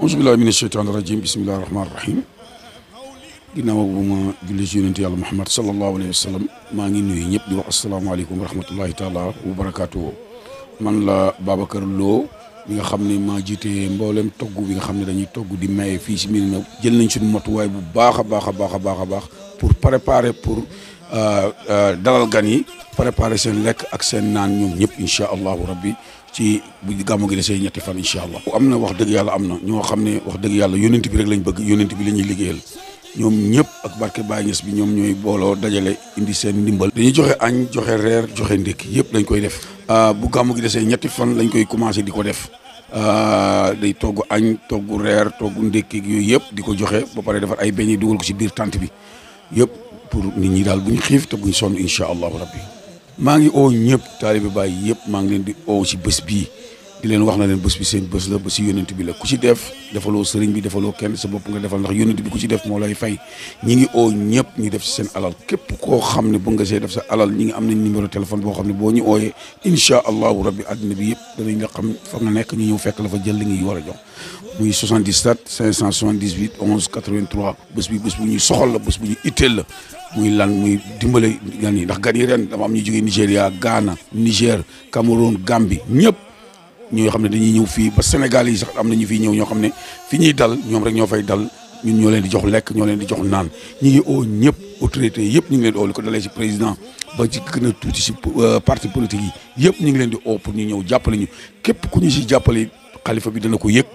أعوذ بالله من الشيطان الرجيم بسم الله الرحمن الرحيم جينا وبما جلس يونت يا محمد صلى الله عليه وسلم ما نجي نوي نيب دي السلام عليكم ورحمه الله تعالى وبركاته من لا بابكر لو ميغا خامني ما جيتي مبولم توغ ميغا خامني داني توغ دي ماي في سمينا جيل نين سون موتو واي بو باخا باخا باخا باخا باخ pour préparer pour euh, euh, dalal gan yi préparer sen lek ak sen nan ñom ñep inshallah rabbi ci bu gàmmu gi desee ñetti fan incha allah. am na wax dëgg yàlla am na ñoo xam ne wax dëgg yàlla yonent bi rek lañ bëgg yonent bi la ñuy liggéeyal ñoom ñëpp ak barke Baye Niass bi ñoom ñooy booloo dajale indi seen ndimbal. dañuy joxe añ joxe reer joxe ndékki yëpp lañ koy def. Ah, bu gàmmu gi desee ñetti fan lañ koy commencé di ko def. Ah, day togg añ togg reer togg ndékki yooyu yëpp di ko joxe ba pare defar ay beñe dugal ko ci biir tànt bi yëpp pour nit ñi daal bu ñu xiif te bu ñu sonn incha allahu rabbi maa ngi oo ñëpp taalibe Baay yëpp maa ngi leen di oo ci bés bii di leen wax na leen bés bi seen bés la bési yónnent bi la ku ci def defaloo sëriñ defaloo kenn sa bopp nga defal ndax yónnent bi ku ci def moo lay fay ñi ngi oo ñëpp def seen alal képp koo xam ne bu nga see def sa alal ñi ngi am nañ numéro téléphone boo xam ne boo ñu ooyee incha allahu rabbi àddina bi yëpp danañ nga xam fa nga nekk ñu ñëw fekk la fa jël li ngi war a jox muy 77 578 11 83 bés bi bés bu ñuy soxal la bés bu ñu itteel la muy lan muy dimbale gan yi ndax gan yi ren dama am ñu jógee Nigéria Ghana Niger Cameroun ñoo xam ne dañuy ñëw fii ba Sénégal yi sax am na fi fiy ñëw ñoo xam ne fi ñuy dal ñoom rek ñoo fay dal ñun ñoo leen di jox lekk ñoo leen di jox naan ñu ngi o ñëpp autorité yëpp ñu ngi leen di ko dalee ci président ba ci gën a tuuti ci euh, parti politique yi yëpp ñu ngi leen di oo pour ñu ñëw jàppale képp ku ñu ci jàppale xalifa bi dana ko yëg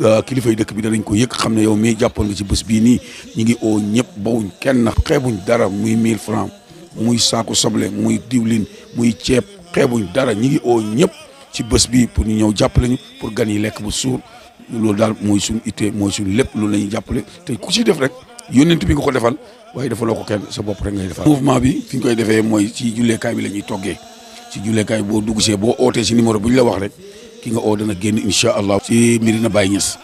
euh, kilifa yi dëkk bi danañ ko yëg xam ne yow mii jàppoon nga ci bés bii nii ñu ngi oo ñëpp bawuñ kenn xeebuñ dara muy 1000 francs muy saaku soble muy diwlin muy ceeb xeebuñ dara ñu ngi oo ñëpp ci bës bi pour ñu ñëw jàpp ñu pour gan yi lekk bu suur loolu daal mooy suñu ittee mooy suñu lépp loolu la ñuy jàppale te ku si def rek yónneent bi nga ko defal waaye defaloo ko kenn sa bopp rek ngay defal. mouvement bi fi koy defee mooy ci julleekaay bi la ñuy toggee ci julleekaay boo dugg see boo ootee si numéro bu ñu la wax rek ki nga oo dana génn incha allah. ci Medina Baye Niass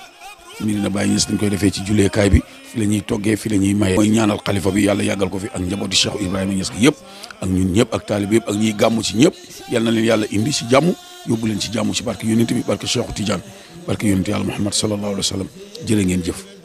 Medina Baye Niass dañ koy defee ci julleekaay bi fi la ñuy toggee fi la ñuy maye. mooy ñaanal xalifa bi yàlla yàggal ko fi ak njabootu Cheikh Ibrahima Niass gi yëpp ak ñun ñëpp ak taalib yëpp ak ñiy gàmm ci ñëpp yal na leen yàlla indi si jàmm yóbbu leen ci jàmm ci barke yonent bi barke Cheikhu Tidiane barke yonent yàlla Muhammad sallallahu alayhi wa sallam jërë